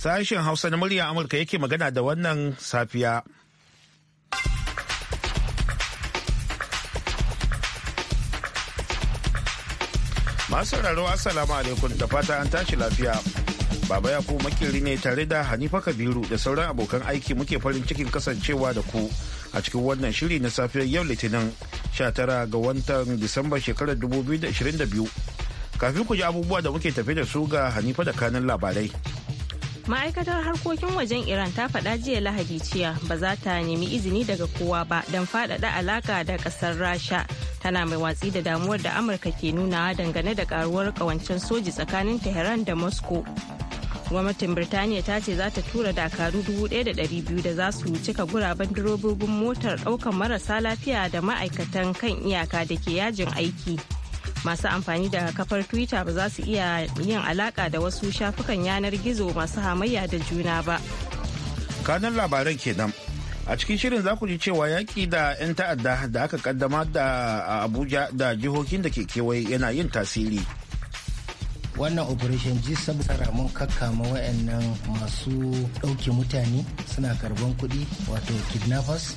Sashen Hausa na murya Amurka yake magana da wannan safiya. Masu sauraro Assalamu alaikum da fata an tashi lafiya. Baba ya ku makiri ne tare da Hanifa Kabiru da sauran abokan aiki muke farin cikin kasancewa da ku a cikin wannan shiri na safiyar yau Litinin 19 ga watan Disamba shekarar 2022. Kafin ku ji abubuwa da muke tafe da su ga Hanifa da kanan labarai. ma'aikatar harkokin wajen iran ta faɗa jiya lahadi cewa ba za ta nemi izini daga kowa ba don faɗaɗa alaƙa da ƙasar rasha tana mai watsi da damuwar da amurka ke nunawa dangane da karuwar ƙawancen soji tsakanin tehran da moscow gwamnatin birtaniya ta ce za ta tura dakaru 1,200 da za su cika guraben durobobin motar ɗaukar marasa lafiya da ma'aikatan kan iyaka da ke yajin aiki. masu amfani da kafar twitter ba za su iya yin alaka da wasu shafukan yanar gizo masu hamayya da juna ba kanan labaran kenan a cikin shirin za ku ji cewa yaƙi da 'yan ta'adda da aka kaddama da abuja da jihohin da ke kewaye yana yin tasiri wannan operation g tsara mun kakkama wayannan masu ɗauke mutane suna karban kuɗi wato kidnappers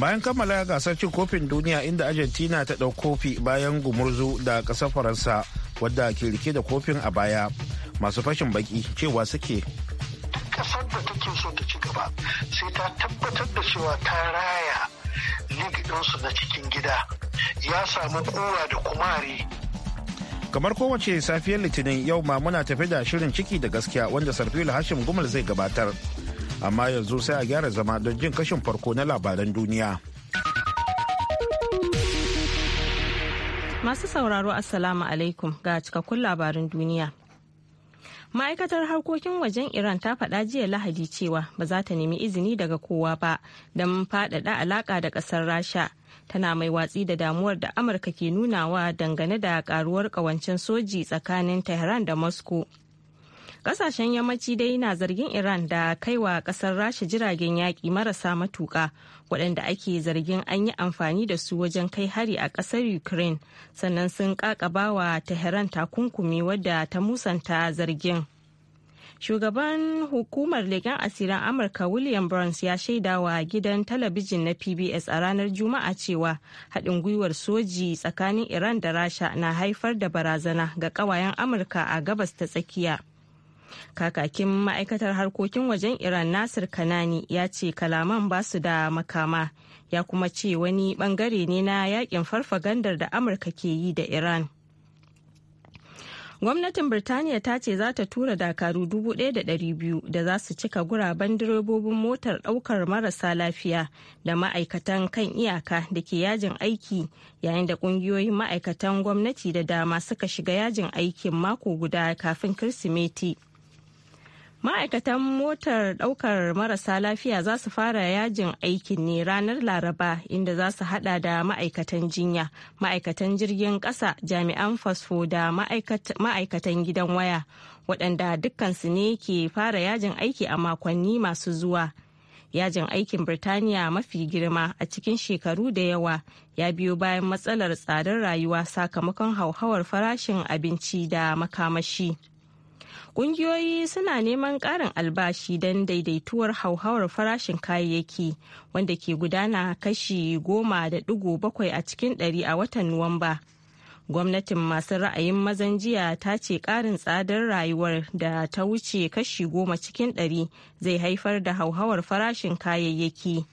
bayan kammala gasar cin kofin duniya inda argentina ta ɗau kofi bayan gumurzu da ƙasar faransa wadda ke rike da kofin a baya masu fashin baki cewa suke ƙasar da take so ta ci gaba sai ta tabbatar da cewa ta raya lig na cikin gida ya samu kura da kumari kamar kowace safiyar litinin yau ma muna tafi da shirin ciki da gaskiya wanda sarfila hashim gumal zai gabatar amma yanzu sai a gyara zama don jin kashin farko na labaran duniya. Masu sauraro Assalamu alaikum ga cikakkun labarin duniya. Ma'aikatar harkokin wajen Iran ta faɗa jiya Lahadi cewa ba za ta nemi izini daga kowa ba don faɗaɗa alaƙa da ƙasar Rasha. Tana mai watsi da damuwar da Amurka ke nunawa dangane da ƙaruwar ƙawancin soji tsakanin Tehran da Moscow. Kasashen yammaci dai na zargin Iran da kaiwa kasar Rasha jiragen yaƙi marasa matuƙa waɗanda ake zargin an yi amfani da su wajen kai hari a ƙasar Ukraine sannan sun ƙaƙabawa Tehran takunkumi wadda ta musanta zargin. Shugaban hukumar leƙen asirin Amurka William Burns ya shaidawa gidan talabijin na PBS a ranar Juma'a cewa haɗin gwiwar soji tsakanin Iran da Rasha na haifar da barazana ga ƙawayen Amurka a gabas ta tsakiya. Kakakin ma'aikatar harkokin wajen Iran Nasir Kanani ya ce kalaman ba su da makama ya kuma ce wani bangare ne na yakin farfagandar da Amurka ke yi da Iran. Gwamnatin Birtaniya ta ce za ta tura dakaru 1,200 da za su cika guraben direbobin motar daukar marasa lafiya da ma'aikatan kan iyaka da ke yajin aiki yayin da kungiyoyin ma'aikatan gwamnati da dama suka shiga yajin aikin mako guda kafin Kirsimeti. ma'aikatan motar daukar marasa lafiya za su fara yajin aikin ne ranar laraba inda za su hada da ma'aikatan jinya ma'aikatan jirgin kasa jami'an fasfo da ma'aikatan gidan waya waɗanda dukkansu ne ke fara yajin aiki a makonni masu zuwa yajin aikin birtaniya mafi girma a cikin shekaru da yawa ya biyo bayan matsalar tsadar rayuwa sakamakon hauhawar farashin abinci da makamashi. Ƙungiyoyi suna neman ƙarin albashi don daidaituwar hauhawar farashin kayayyaki wanda ke gudana kashi goma da digo bakwai a cikin ɗari a watan Nuwamba. Gwamnatin masu ra'ayin mazan jiya ta ce ƙarin tsadar rayuwar da ta wuce kashi goma cikin ɗari zai haifar da hauhawar farashin kayayyaki.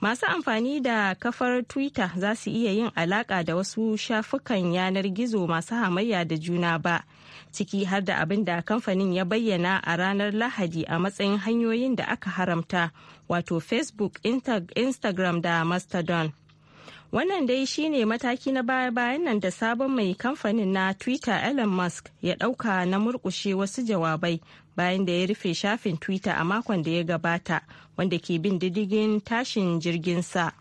masu amfani da kafar twitter za su iya yin alaƙa da wasu shafukan yanar gizo masu hamayya da juna ba ciki har da abin da kamfanin ya bayyana a ranar lahadi a matsayin hanyoyin da aka haramta wato facebook instagram da mastodon wannan dai shine mataki na baya-bayan nan da sabon mai kamfanin na twitter elon musk ya dauka na murkushe wasu jawabai bayan da ya rufe shafin twitter a makon da ya gabata wanda ke bin diddigin tashin jirgin sa.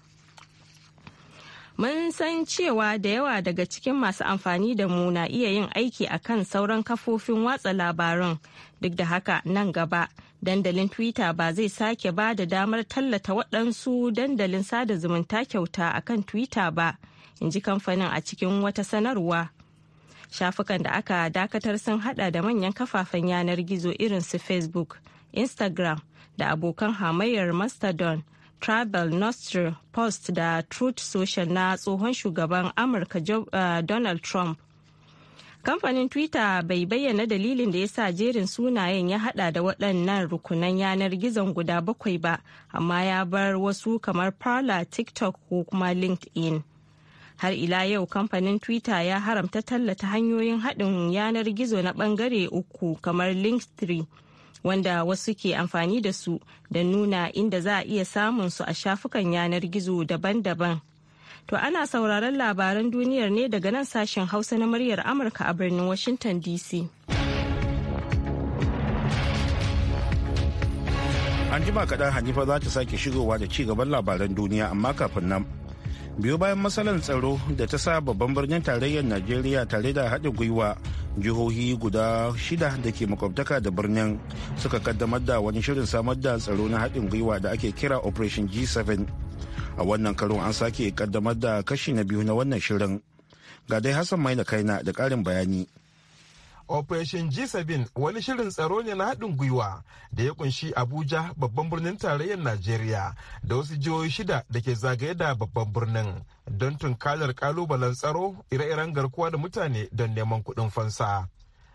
mun san cewa da yawa daga cikin masu amfani da mu na iya yin aiki a kan sauran kafofin watsa labarun. duk da haka nan gaba dandalin twitter ba zai sake ba da damar tallata waɗansu dandalin sada zumunta kyauta a kan twitter ba in ji kamfanin a cikin wata sanarwa shafukan da aka dakatar sun hada da manyan kafafen yanar gizo irin su facebook instagram da abokan hamayyar mastodon Travel Nostr Post da Truth Social na tsohon shugaban Amurka uh, Donald Trump. Kamfanin Twitter bai bayyana dalilin da ya sa jerin sunayen ya hada da waɗannan rukunan yanar gizon guda bakwai ba, amma ya bar wasu kamar Parler, TikTok ko kuma LinkedIn. har ila yau kamfanin twitter ya haramta tallata hanyoyin haɗin yanar gizo na ɓangare uku kamar linktree wanda wasu ke amfani da su da nuna inda za a iya samun su a shafukan yanar gizo daban-daban. To ana sauraron labaran duniyar ne daga nan sashen Hausa na muryar Amurka a birnin Washington DC. An jima kaɗan Hanifa za ta sake shigowa da ci gaban labaran duniya amma kafin nan biyo bayan matsalar tsaro da ta sa babban birnin tarayyar najeriya tare da haɗin gwiwa jihohi guda shida da ke makwabtaka da birnin suka kaddamar da wani shirin samar da tsaro na haɗin gwiwa da ake kira operation g7 a wannan karon an sake kaddamar da kashi na biyu na wannan shirin ga dai hassan mai na kaina da ƙarin bayani Operation G7 wani shirin tsaro ne na haɗin gwiwa da ya kunshi Abuja babban birnin tarayyar Najeriya da wasu jihohi shida da ke zagaye da babban birnin don tunkalar kalubalen tsaro ire-iren garkuwa da mutane don neman kuɗin fansa.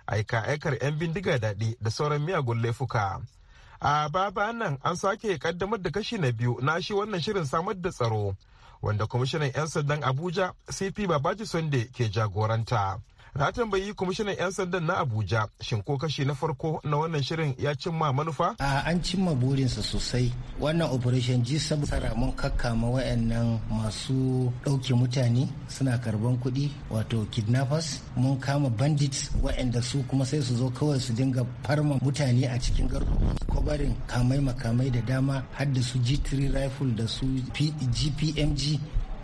Aika aikar 'yan bindiga daɗi da sauran miyagun laifuka. A baba nan an sake kaddamar da kashi na biyu na shi wannan shirin samar da tsaro wanda kwamishinan 'yan sandan Abuja CP Babaji Sunday ke jagoranta. Na tambayi kwamishinan 'yan sandan na Abuja shin ko kashi na farko na wannan shirin ya cimma manufa? A an cimma burinsa sosai. Wannan Operation G7 tsara mun kakkama wayannan masu ɗauke mutane suna karban kuɗi wato kidnappers mun kama bandits wayanda su kuma sai su zo kawai su dinga farma mutane a cikin garuruwa kobarin kamai makamai da dama har da su G3 rifle da su GPMG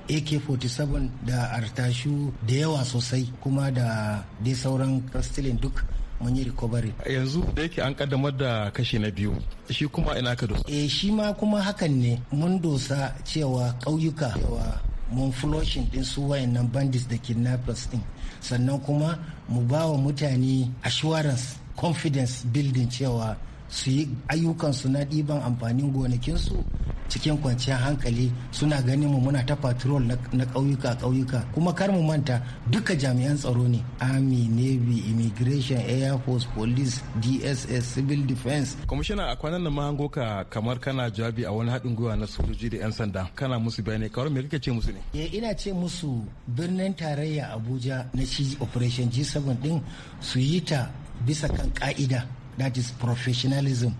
ak-47 da artashu da yawa sosai kuma da dai sauran kastilin duk mun yi recovery yanzu da yake an kaddamar da kashe na biyu shi kuma ina ka dosa eh shi ma kuma hakan ne mun dosa cewa ƙauyuka cewa mun flushing din su wayannan bandits da kidnappers din sannan kuma mu ba wa mutane assurance confidence building cewa su yi ayyukansu na ɗiban amfanin gonakinsu cikin kwanciyar hankali suna ganin mu muna ta patrol na kauyuka kauyuka kuma kar mu manta duka jami'an tsaro ne army navy immigration air force police dss civil defense kwamishina a kwanan nan mahango ka kamar kana jawabi a wani haɗin gwiwa na sojoji da 'yan sanda kana musu bayani kawai me kake ce musu ne eh, ina ce musu birnin tarayya abuja na shi operation g7 din su yi ta bisa kan ka'ida that is professionalism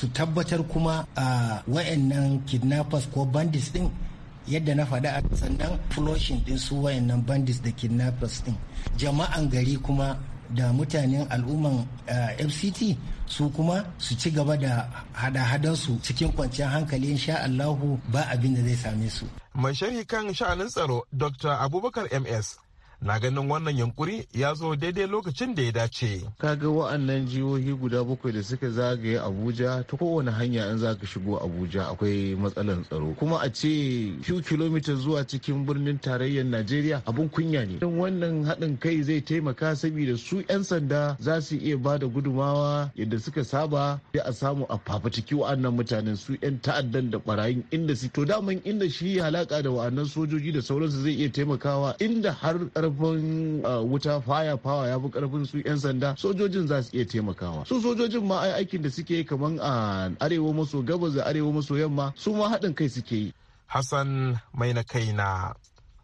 su tabbatar kuma a wayannan kidnappers ko bandits din yadda na faɗa a sannan flushing din su wayannan bandits da kidnappers din jama'an gari kuma da mutanen al'umman fct su kuma su ci gaba da hada-hadansu cikin kwanciyar hankali insha Allahu ba abin da zai same su. Mai sharhi kan sha'anin tsaro Dr. Abubakar MS na ganin wannan yankuri ya zo daidai lokacin da ya dace. Kaga wa'annan jihohi guda bakwai da suka zagaye Abuja ta kowane hanya in za ka shigo Abuja akwai matsalan tsaro. Kuma a ce few kilometer zuwa cikin birnin tarayyar Najeriya abun kunya ne. Don wannan haɗin kai zai taimaka saboda su 'yan sanda za su iya ba da gudumawa yadda suka saba sai a samu a fafatiki wa'annan mutanen su 'yan ta'addan da barayin inda su to daman inda shi halaka da wa'annan sojoji da sauransu zai iya taimakawa inda har karfin ah, wuta fire power ya fi karfin su 'yan sanda sojojin za su iya taimakawa su sojojin ma ai aikin da suke kaman a ah, arewa maso gabas da arewa maso yamma su ma haɗin kai suke yi hassan mai na kai na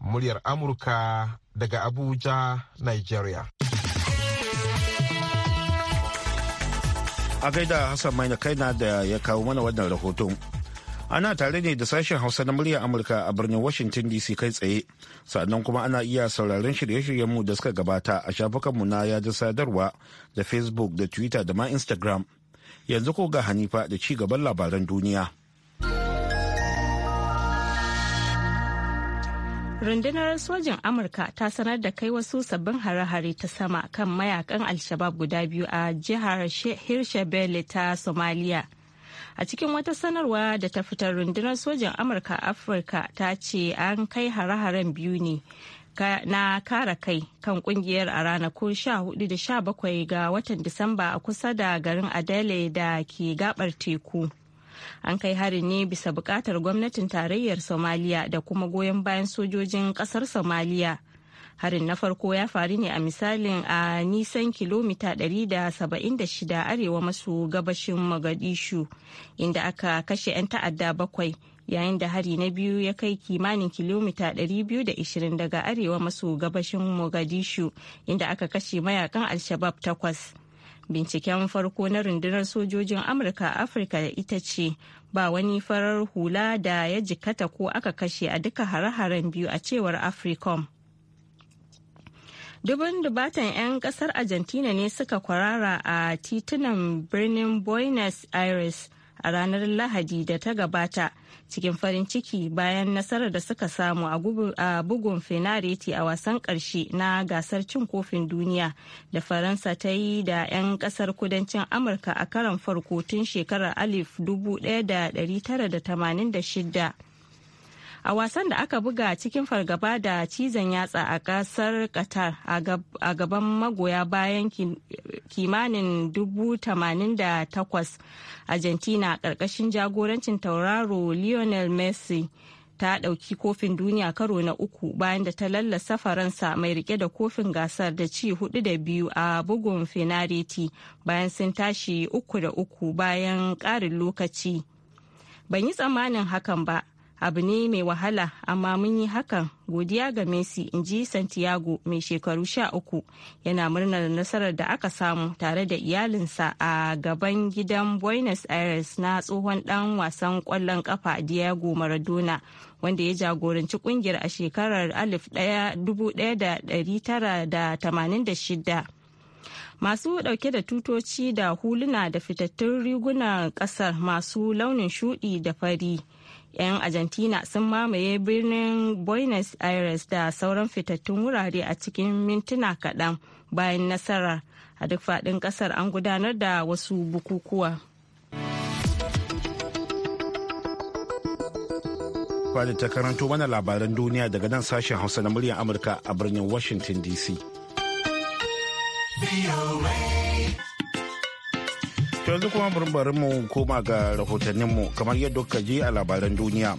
muryar amurka daga abuja nigeria a gaida hassan mai na kai na da ya kawo mana wannan rahoton ana tare ne da sashen hausa na murya amurka a birnin washington dc kai tsaye sannan kuma ana iya sauraron shirye-shiryenmu da suka gabata a shafukanmu na yada sadarwa da facebook da twitter da ma instagram yanzu ko ga hanifa da ci gaban labaran duniya rundunar sojin amurka ta sanar da kai wasu sabbin hare-hare ta sama kan mayakan alshabab guda biyu a jihar hirshabelle ta somalia a cikin wata sanarwa da ta fitar rundunar sojan amurka afirka ta ce an kai hare-haren biyu ne na kara kai kan kungiyar a ranakun 14 da 17 ga watan Disamba a kusa da garin Adele da ke gabar teku. An kai hari ne bisa bukatar gwamnatin tarayyar Somalia da kuma goyon bayan sojojin kasar Somaliya harin na farko ya faru ne a misalin a nisan kilomita 176 arewa maso gabashin magadishu inda aka kashe 'yan ta'adda bakwai yayin da hari na biyu ya kai kimanin kilomita 220 daga arewa maso gabashin mogadishu inda aka kashe mayakan alshabab takwas binciken farko na rundunar sojojin amurka a afirka ita ce ba wani farar hula da ya jikata ko aka kashe a duka hare-haren biyu a cewar africom dubin dubatan 'yan kasar argentina ne suka kwarara a titunan birnin buenos aires a ranar lahadi da ta gabata cikin farin ciki bayan nasarar da suka samu a bugun fenareti a wasan karshe na gasar cin kofin duniya da faransa ta yi da 'yan kasar kudancin amurka a karan farko tun shekarar 1986 a wasan da aka buga cikin fargaba da cizon yatsa a kasar qatar a gaban magoya bayan kimanin 88,000 argentina karkashin jagorancin tauraro lionel messi ta dauki kofin duniya karo na uku bayan da ta lallasa faransa mai rike da kofin gasar da ci hudu da biyu a bugun fenariti bayan sun tashi uku da uku bayan karin lokaci ban yi tsammanin hakan ba abu ne mai wahala amma mun yi hakan godiya ga messi in ji santiago mai shekaru sha uku yana murnar nasarar da aka samu tare da iyalinsa a gaban gidan buenos aires na tsohon dan wasan kwallon kafa diego maradona wanda ya jagoranci kungiyar a shekarar 1986 masu dauke da tutoci da huluna da fitattun rigunan kasar masu launin shudi da fari 'yan argentina sun mamaye birnin buenos aires da sauran fitattun wurare a cikin mintuna kaɗan bayan nasara a duk faɗin ƙasar an gudanar da wasu bukukuwa Fadi ta karanto mana labaran duniya daga nan sashen hausa na muryar amurka a birnin washington dc. To yanzu kuma bari mu koma ga mu kamar yadda kuka ji a labaran duniya.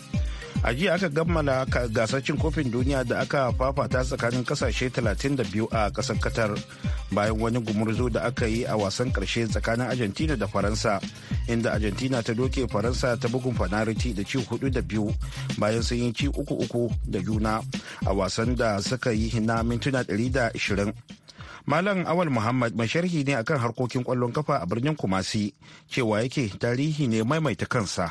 A jiya aka gammala gasar cin kofin duniya da aka fafata tsakanin kasashe 32 a kasar Qatar bayan wani gumurzu da aka yi a wasan karshe tsakanin Argentina da Faransa inda Argentina ta doke Faransa ta bugun fanariti da ci hudu da biyu bayan sun yi ci uku uku da juna a wasan da suka yi na mintuna 120. Malam Awal Muhammad mai sharhi ne akan harkokin kwallon kafa a birnin Kumasi cewa yake tarihi ne maimaita kansa.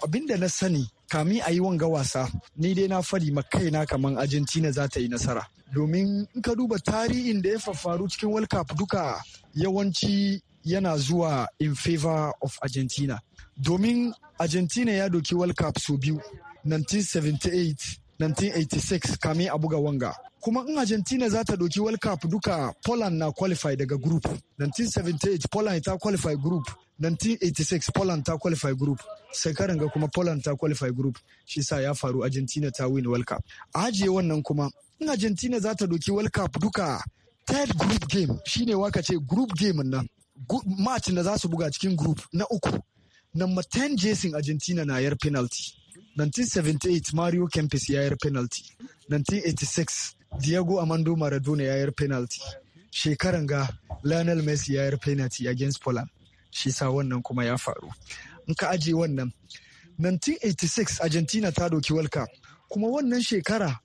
Abin da na sani kami a yi wanga wasa ni dai na fadi makaina kamar Argentina za ta yi nasara. Domin in ka duba tarihin da ya faru cikin World Cup duka yawanci yana zuwa in favor of Argentina. Domin Argentina ya doki World Cup sau biyu 1978 1986 kamin a buga wanga kuma in argentina za ta doki world cup duka poland na qualify daga group 1978 poland ta qualify group 1986 poland ta qualify group shekaran ga kuma poland ta qualify group shi sa ya faru argentina ta win world cup a hajiye wannan kuma in argentina za ta doki world cup duka third group game shine waka ce group game nan match da za su buga cikin group na uku Number 10 Jason Argentina na yar penalty. 1978 Mario Kempis ya yar penalty. 1986 Diego Amando Maradona ya yar penalty. Shekaran ga Lionel Messi ya yar penalty against Poland. Shi sa wannan kuma ya faru. In ka aje wannan. 1986 Argentina ta doki walka, Kuma wannan shekara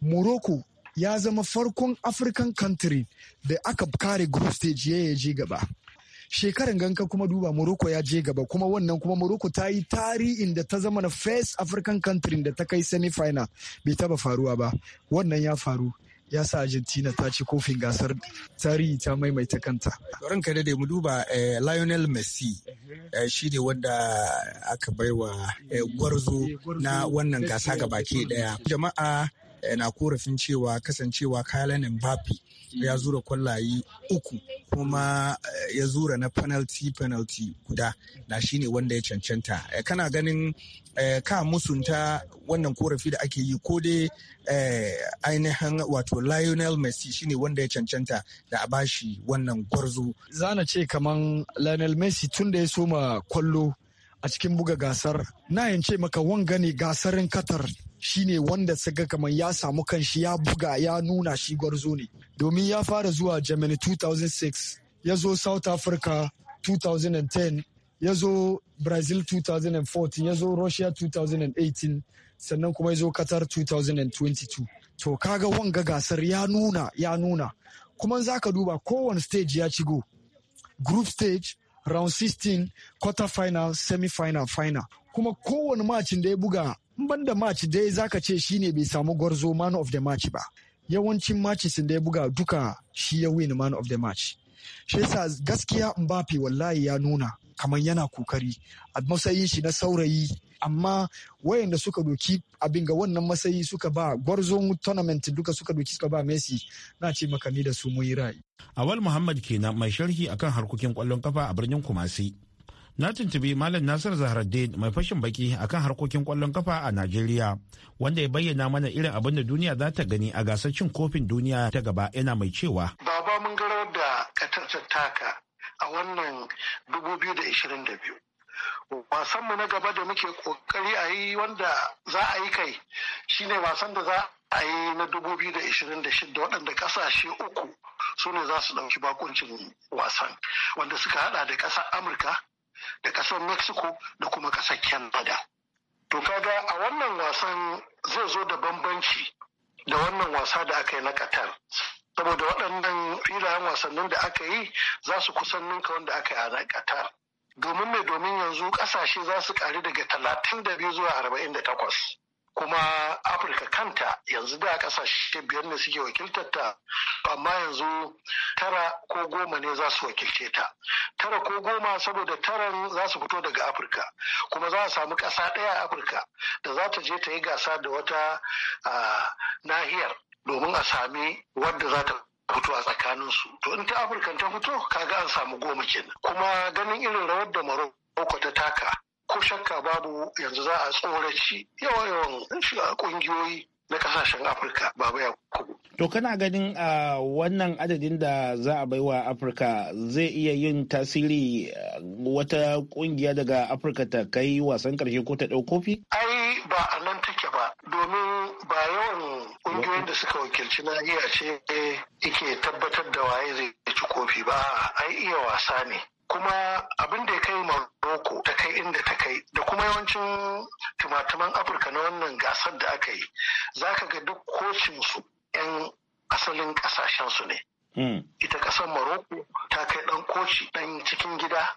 Morocco ya zama farkon African country da aka kare group stage ya je gaba. shekaran ganka kuma duba Morocco ya je gaba kuma wannan kuma Morocco ta yi tarihin da ta zama na first African country da ta kai semi final bai taba faruwa ba wannan ya faru ya sa Argentina ta ci kofin gasar tarihi ta maimaita kanta. garin ka dai mu duba eh, Lionel Messi eh, shi ne wanda aka baiwa eh, gwarzo na wannan gasa ga baki daya. Jama'a Eh, na korafin cewa kasancewa kayan Mbappe mm. ya zura kwallaye uku kuma eh, ya zura na penalty penalty guda na shine wanda ya cancanta eh, kana ganin ka musunta wannan korafi da ake yi ko dai ainihin wato Lionel Messi shine wanda ya cancanta da a bashi wannan gwarzo zana ce kaman Lionel Messi tun da ya soma kwallo a cikin buga gasar na yance maka wanga ne gasarin Qatar shine wanda saka kamar ya samu kanshi ya buga ya nuna shi gwarzo ne domin ya fara zuwa germany 2006 ya zo south africa 2010 ya zo brazil 2014 ya zo russia 2018 sannan kuma ya zo qatar 2022 to kaga wanga gasar ya nuna ya nuna kuma za ka duba kowane stage ya ci go group stage round 16 quarter final semi final final kuma kowane macin da ya buga banda da match dai zaka ce shine bai samu gwarzo man of the match ba yawancin matches da ya buga duka shi ya win man of the match shi yasa gaskiya Mbappe wallahi ya nuna kamar yana kokari a matsayin shi na saurayi amma wayanda suka doki abin ga wannan matsayi suka ba gwarzon tournament duka suka doki suka ba Messi na ce maka da su muyi ra'ayi. Awal Muhammad kenan mai sharhi akan harkokin kwallon kafa a birnin Kumasi. na tuntubi malam nasir zahraddin mai fashin baki akan harkokin kwallon kafa a najeriya wanda ya bayyana mana irin abin da duniya za ta gani a gasar cin kofin duniya ta gaba yana mai cewa baba mun garar da katar taka a wannan 2022 wasan mu na gaba da muke kokari a yi wanda za a yi kai shine wasan da za a yi na 2026 waɗanda ƙasashe uku su ne za su ɗauki bakuncin wasan wanda suka haɗa da ƙasar amurka da kasar mexico da kuma kasar canada to kaga a wannan wasan zai zo da bambanci da wannan wasa da aka yi na qatar saboda waɗannan filayen wasannin da aka yi za su kusan ninka wanda aka yi a na qatar domin mai domin yanzu ƙasashe za su ƙari daga talatin da biyu zuwa arba'in da takwas kuma afirka kanta yanzu da kasashe biyar ne suke wakiltar ta amma yanzu tara ko goma ne za su wakilce ta tara ko goma saboda taran za su fito daga afirka kuma za a samu ƙasa ɗaya a afirka da za ta je ta yi gasa da wata nahiyar domin a sami wadda za ta fito a tsakaninsu to in ta afirka ta fito kaga an samu goma kenan kuma ganin irin rawar da maroko ta taka ko shakka babu yanzu za a tsoraci yawan shiga kungiyoyi na kasashen afirka baba ya kudu. to kana ganin a wannan adadin da za a baiwa afirka zai iya yin tasiri wata kungiya daga afirka ta kai wasan karshe ko ta ɗau kofi? ai ba a nan take ba domin ba yawan kungiyoyin da suka wakilci nahiya ce yake tabbatar da waye zai ci kofi ba ai iya wasa ne kuma abin da ya kai Morocco ta kai inda ta kai da kuma yawancin tumatuman Afirka na wannan gasar da aka yi za ka ga duk kocinsu 'yan asalin ƙasashensu ne. Hmm. Ita ƙasan Morocco ta kai ɗan koci ɗan cikin gida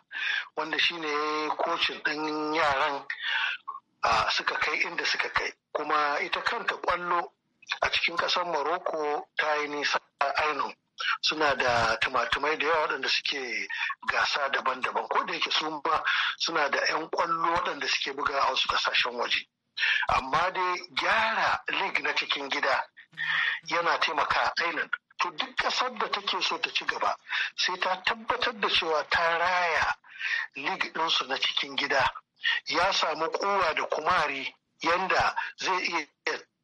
wanda shi ne kocin ɗan yaran suka kai inda suka kai. Kuma ita kanta ƙwallo a cikin ƙasar Morocco ta yi nisa a ainihin. suna da tumatumai da yawa waɗanda suke gasa daban-daban ko da yake su ma suna da 'yan ƙwallo waɗanda suke buga a wasu ƙasashen waje amma dai gyara lig na cikin gida yana taimaka island to duk ƙasar da take so ta ci gaba sai ta tabbatar da cewa ta raya lig ɗinsu na cikin gida ya samu kowa da kumari yanda zai iya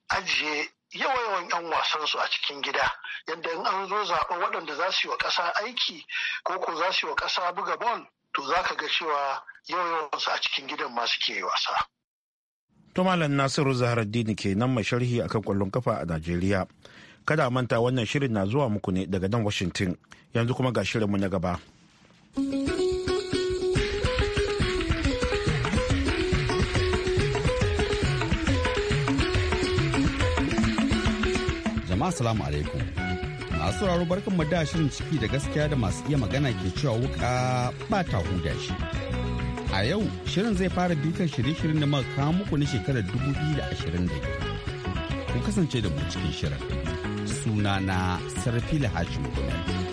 ajiye yawan yan wasan su a cikin gida yadda in an zo zaɓa waɗanda za su yi wa ƙasa aiki ko ko za su yi wa ƙasa buga bol to za ka ga cewa yawan su a cikin gidan ma suke wasa. To Malam Nasiru Zaharaddini ke nan mai sharhi akan kwallon kafa a Najeriya. Kada a manta wannan shirin na zuwa muku ne daga nan Washington yanzu kuma ga shirinmu na gaba. jama'a salamu alaikum masu raro barkan mu da shirin ciki da gaskiya da masu iya magana ke cewa wuka ba ta huda shi a yau shirin zai fara dukan shirye-shiryen da muka kawo muku na shekarar 2022 ku kasance da mu cikin shirin sunana sarfila hashim gomez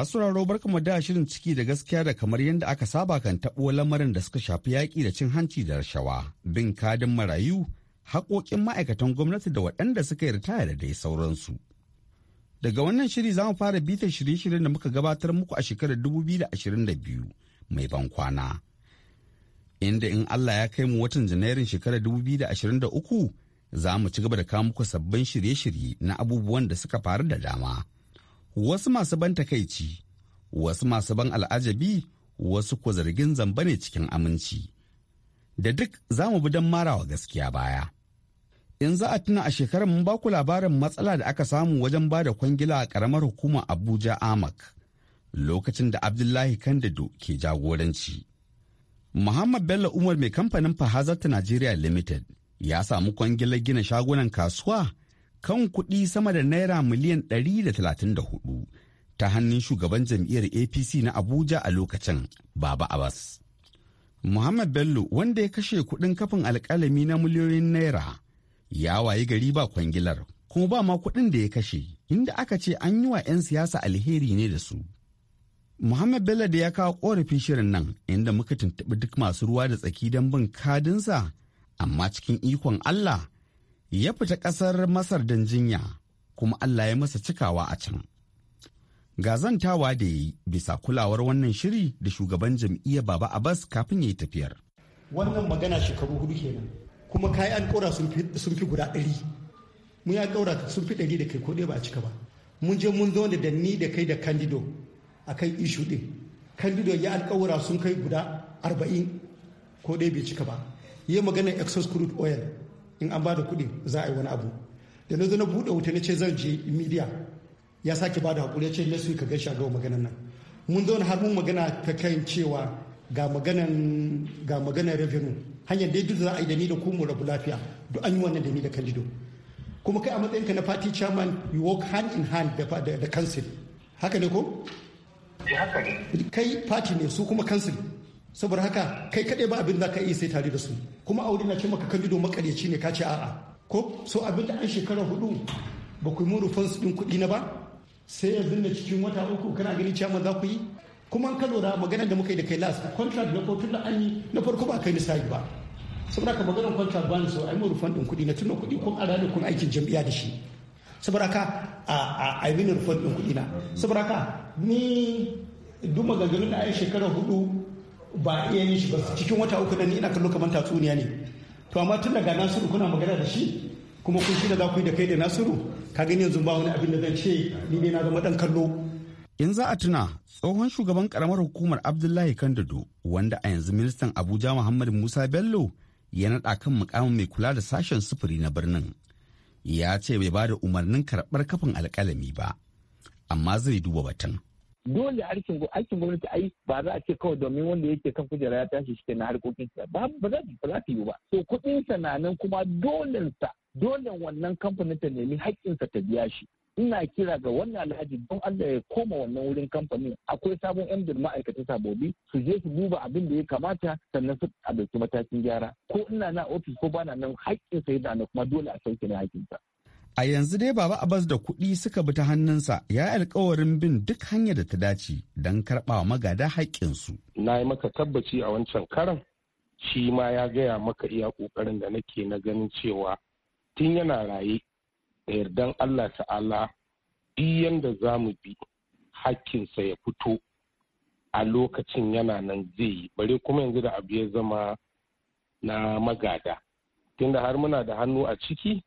Masu raro kuma da shirin ciki da gaskiya da kamar yadda aka saba kan taɓo lamarin da suka shafi yaƙi da cin hanci da rashawa, bin kadin marayu, haƙoƙin ma'aikatan gwamnati da waɗanda suka yi ritaya da dai sauransu. Daga wannan shiri za mu fara bita shirye-shiryen da muka gabatar muku a shekarar 2022 mai ban kwana. Inda in Allah ya kai mu watan Janairun shekarar 2023 za mu ci gaba da kawo muku sabbin shirye-shirye na abubuwan da suka faru da dama. wasu masu ban takaici wasu masu ban al'ajabi wasu ko zargin zamba ne cikin aminci da duk za mu bi don marawa gaskiya baya in za a tuna a shekarar mun baku labarin matsala da aka samu wajen ba da kwangila a ƙaramar hukumar abuja amak lokacin da abdullahi kandado ke jagoranci muhammad bello umar mai kamfanin fahazarta nigeria limited ya samu kwangilar gina shagunan kasuwa kan kuɗi sama da naira miliyan 134 ta hannun shugaban jam'iyyar apc na abuja a lokacin baba abbas muhammad bello wanda ya kashe kuɗin kafin alƙalami na miliyoyin naira ya wayi gari ba kwangilar kuma ba ma kuɗin da ya kashe inda aka ce an yi wa 'yan siyasa alheri ne da su Muhammad Bello da ya kawo ƙorafin shirin nan inda muka tuntuɓi duk masu ruwa da tsaki don bin kadinsa amma cikin ikon Allah ya fita ƙasar Masar don jinya, kuma Allah ya masa cikawa a can. ga zantawa da ya yi bisa kulawar wannan shiri da shugaban jam'iyyar Baba Abbas kafin ya yi tafiyar. Wannan magana shekaru hudu kenan, kuma kayi an sun fi guda ɗari. Mun ya ƙaura sun fi ɗari da kai ko ɗaya ba a cika ba. Mun je mun zo da ni da kai da Kandido a kan ishu ɗin. Kandido ya alƙawura sun kai guda arba'in ko ɗaya bai cika ba. Yi magana exos crude oil in an ba da kuɗi za a yi wani abu da na zo na buɗe wuta na ce zan je media ya sake ba da hakuri ya ce na week ka a ga maganan nan mun zo har mun magana ta kan cewa ga maganan ga maganan revenue hanyar da duk za a yi da ni da ku mu rabu lafiya duk an yi wannan da ni da kandido kuma kai a matsayin ka na party chairman you work hand in hand da da council haka ne ko eh, kai party ne su kuma kansil. saboda haka kai kaɗai ba abin da ka iya sai tare da su kuma aure na ce maka kandido makaryaci ne ka ce a'a ko so abin da an shekara hudu ba ku yi mun su ɗin kuɗi na ba sai yanzu da cikin wata uku kana gani cewa za ku yi kuma an ka lura maganar da muka yi da kai last contract na kotun da an yi na farko ba kai misali ba saboda ka maganar contract ba ni so ai mun rufan ɗin kuɗi na tunan kuɗi kun ara da kun aikin jam'iyya da shi saboda ka a yi murufan ɗin kuɗi na saboda ka ni duk maganganun da ai shekara hudu ba a iya yin shi ba cikin wata uku da ni ina kallo kamar tatsuniya ne to amma tun daga nasiru kuna magana da shi kuma kun shirya za ku yi da kai da nasiru ka gani yanzu ba wani abin da zan ce ni ne na zama dan kallo in za a tuna tsohon shugaban karamar hukumar abdullahi kandado wanda a yanzu ministan abuja muhammad musa bello ya naɗa kan mukamin mai kula da sashen sufuri na birnin ya ce bai ba da umarnin karɓar kafin alƙalami ba amma zai duba batun dole aikin gwamnati ai ba za a ce kawai domin wanda yake kan kujera ya tashi shi na harkokin sa ba za ta yi ba to kuɗin sa na nan kuma dolen sa dolen wannan kamfanin ta nemi haƙƙin sa ta biya shi ina kira ga wannan alhaji don Allah ya koma wannan wurin kamfanin akwai sabon yan jirma aikata sabobi su je su duba abin da ya kamata sannan su a dauki matakin gyara ko ina na ofis ko bana nan haƙƙin sa dana kuma dole a sauke na haƙƙin sa A yanzu dai Baba Abbas da kuɗi suka bi ta hannunsa ya yi alkawarin bin duk hanyar da ta dace don karɓawa magada haƙƙinsu. Na yi maka tabbaci a wancan karan shi ma ya gaya maka iya ƙoƙarin da nake na ganin cewa tun yana raye da yardan Allah ta'ala yanda za mu bi haƙƙinsa ya fito a lokacin yana nan zai yi bare kuma yanzu da abu ya zama na magada tunda har muna da hannu a ciki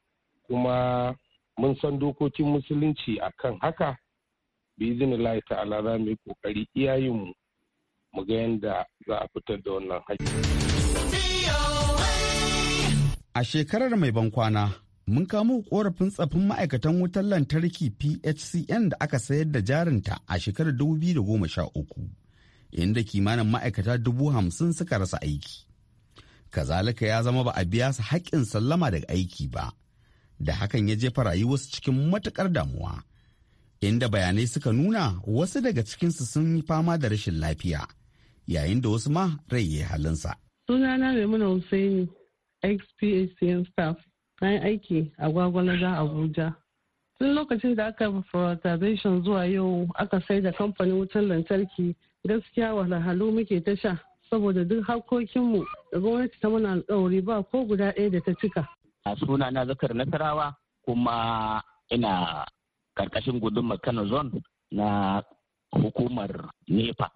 kuma mun san dokokin musulunci a kan haka bizinillahi ta'ala za mu yi kokari iyayenmu mu ga yadda za a fitar da wannan haƙƙi. A shekarar mai ban kwana mun kamo korafin tsafin ma'aikatan wutar lantarki PHCN da aka sayar da jarinta a shekarar 2013, inda kimanin ma'aikata dubu hamsin suka rasa aiki. Kazalika ya zama ba a biya su haƙƙin sallama daga aiki ba. da hakan ya jefa rayuwarsu cikin matukar damuwa inda bayanai suka nuna wasu daga cikinsu sun yi fama da rashin lafiya yayin da wasu ma rai ya halinsa. sunana maimuna hussaini xpacn staff na yi aiki a gwagwalaga abuja tun lokacin da aka privatization zuwa yau aka sai da kamfanin wutar lantarki gaskiya wahalhalu muke ta sha saboda duk harkokinmu da gwamnati ta muna alkawari ba ko guda ɗaya da ta cika a suna na zakar nasarawa kuma ina karkashin gudunmar kano zone na hukumar nepa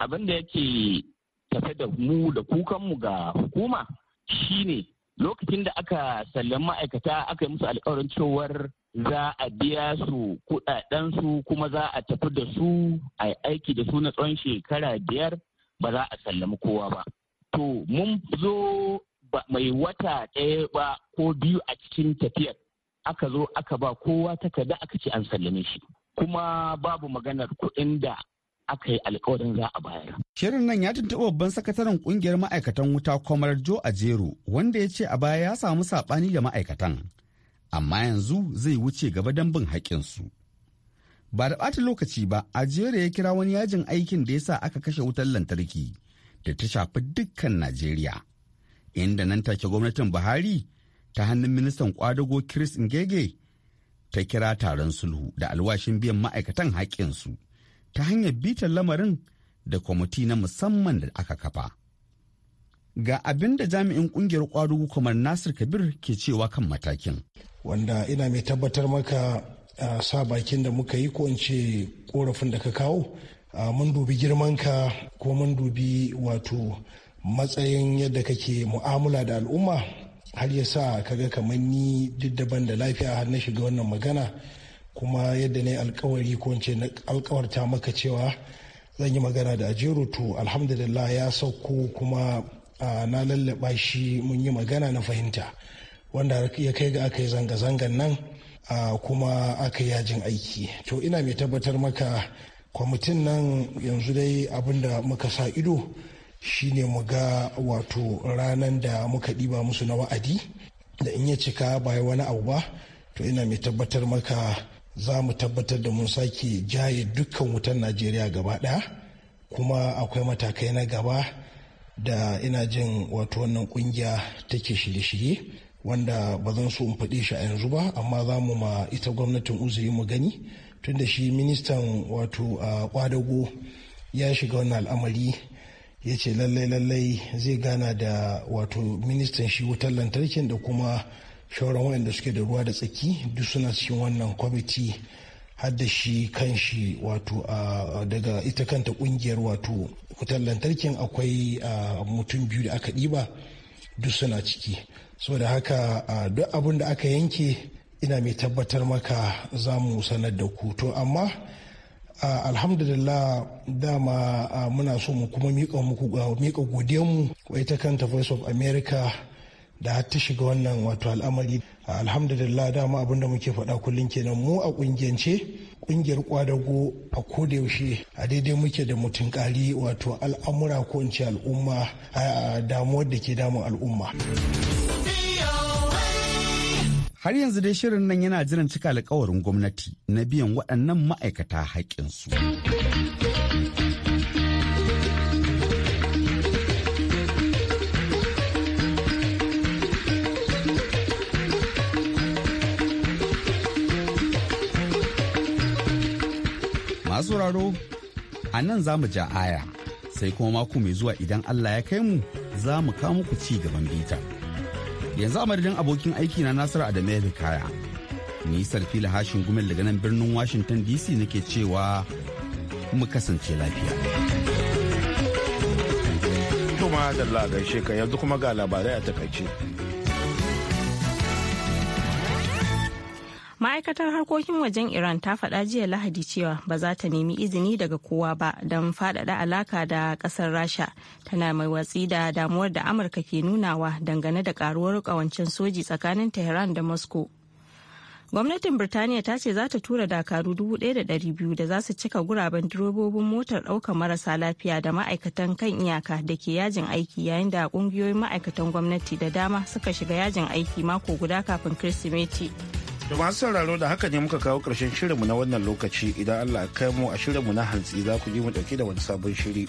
abin da yake tafe da mu da kukanmu ga hukuma shine lokacin da aka sallami ma'aikata aka yi musu alkawarin cewar za a biya su kudadensu kuma za a tafi da su a aiki da su na tsawon shekara biyar ba za a sallami kowa ba. To mun zo mai wata ɗaya ba ko biyu a cikin tafiyar aka zo aka ba kowa takarda aka ce an sallame shi kuma babu maganar kuɗin da aka yi alkawarin za a bayar. Shirin nan ya tuntuɓi babban sakataren ƙungiyar ma'aikatan wuta kwamar Jo Ajeru, wanda ya ce a baya ya samu saɓani da ma'aikatan amma yanzu zai wuce gaba don bin haƙƙinsu. Ba da ɓata lokaci ba, Ajeru ya kira wani yajin aikin da ya sa aka kashe wutar lantarki da ta shafi dukkan Najeriya. inda nan take gwamnatin Buhari ta hannun ministan kwadago Chris Ngege ta kira taron sulhu da alwashin biyan ma'aikatan haƙƙinsu ta hanyar bitar lamarin da kwamiti na musamman da aka kafa. Ga abin da jami'in kungiyar kwadago kamar Nasir Kabir ke cewa kan matakin. Wanda ina mai tabbatar maka sa bakin da muka yi ko in ce korafin da ka kawo mun dubi girmanka ko mun dubi wato matsayin yadda kake mu'amala da al'umma har ya sa kaga kamar ni duk daban da lafiya har na shiga wannan magana kuma yadda na yi alkawari ko ce na alkawarta maka cewa zan yi magana da ajeru to alhamdulillah ya sauko kuma na lallaba shi mun yi magana na fahimta wanda ya kai ga aka yi zanga-zangan nan kuma aka yi yajin aiki to ina mai tabbatar maka kwamitin nan yanzu dai abinda muka sa ido shine mu ga wato ranar da muka ɗiba musu na wa'adi da in ya cika ba wani abu ba to ina mai tabbatar maka za mu tabbatar da mun sake jaye dukkan wutan najeriya gaba ɗaya kuma akwai matakai na gaba da ina jin wato wannan kungiya take shirye-shirye wanda ba zan so in faɗe shi a yanzu ba amma za mu ma ita gwamnatin uzuri mu gani tunda shi ministan wato a ya shiga wannan al'amari ya ce lallai lallai zai gana da wato ministan shi wutar lantarkin da kuma shauran wayanda suke da ruwa da tsaki duk suna cikin wannan kwamiti har shi kan shi wato daga ita kanta kungiyar wato wutar lantarkin akwai mutum biyu da aka ɗiba duk suna ciki saboda haka duk abin da aka yanke ina mai tabbatar maka za mu sanar da ku to amma alhamdulillah dama muna so mu kuma miƙa muku godiyar godiyanmu wai ta kanta voice of america da ta shiga wannan wato al'amari alhamdulillah dama abin da muke faɗa kullum kenan mu a ƙungiyance ƙungiyar kwadago a yaushe a daidai muke da mutum ƙari wato al'amura ko in ce al'umma damuwar da ke damun al'umma. Har yanzu dai shirin nan yana jiran cika alkawarin gwamnati na biyan waɗannan ma'aikata haƙƙinsu. Masu raro, a nan za mu ja aya, sai kuma mako mai zuwa idan Allah ya kai mu za mu kawo muku ci gaban bita yanzu a madadin abokin aiki na nasiru adamu kaya ni fila hashin gumel daga nan birnin washington dc nake cewa mu kasance lafiya kuma da gaishe ka yanzu kuma ga labarai a takaice ma'aikatar harkokin wajen iran ta faɗa jiya lahadi cewa ba za ta nemi izini daga kowa ba don faɗaɗa alaka da ƙasar rasha tana mai watsi da damuwar da amurka ke nunawa dangane da ƙaruwar ƙawancen soji tsakanin tehran da moscow gwamnatin birtaniya ta ce za ta tura dakaru 1,200 da za su cika guraben direbobin motar ɗaukar marasa lafiya da ma'aikatan kan iyaka da ke yajin aiki yayin da ƙungiyoyin ma'aikatan gwamnati da dama suka shiga yajin aiki mako guda kafin kirsimeti. To masu sauraro da haka ne muka kawo ƙarshen shirinmu na wannan lokaci idan Allah ya kai mu a shirinmu na hantsi za ku ji mu ɗauke da wani sabon shiri.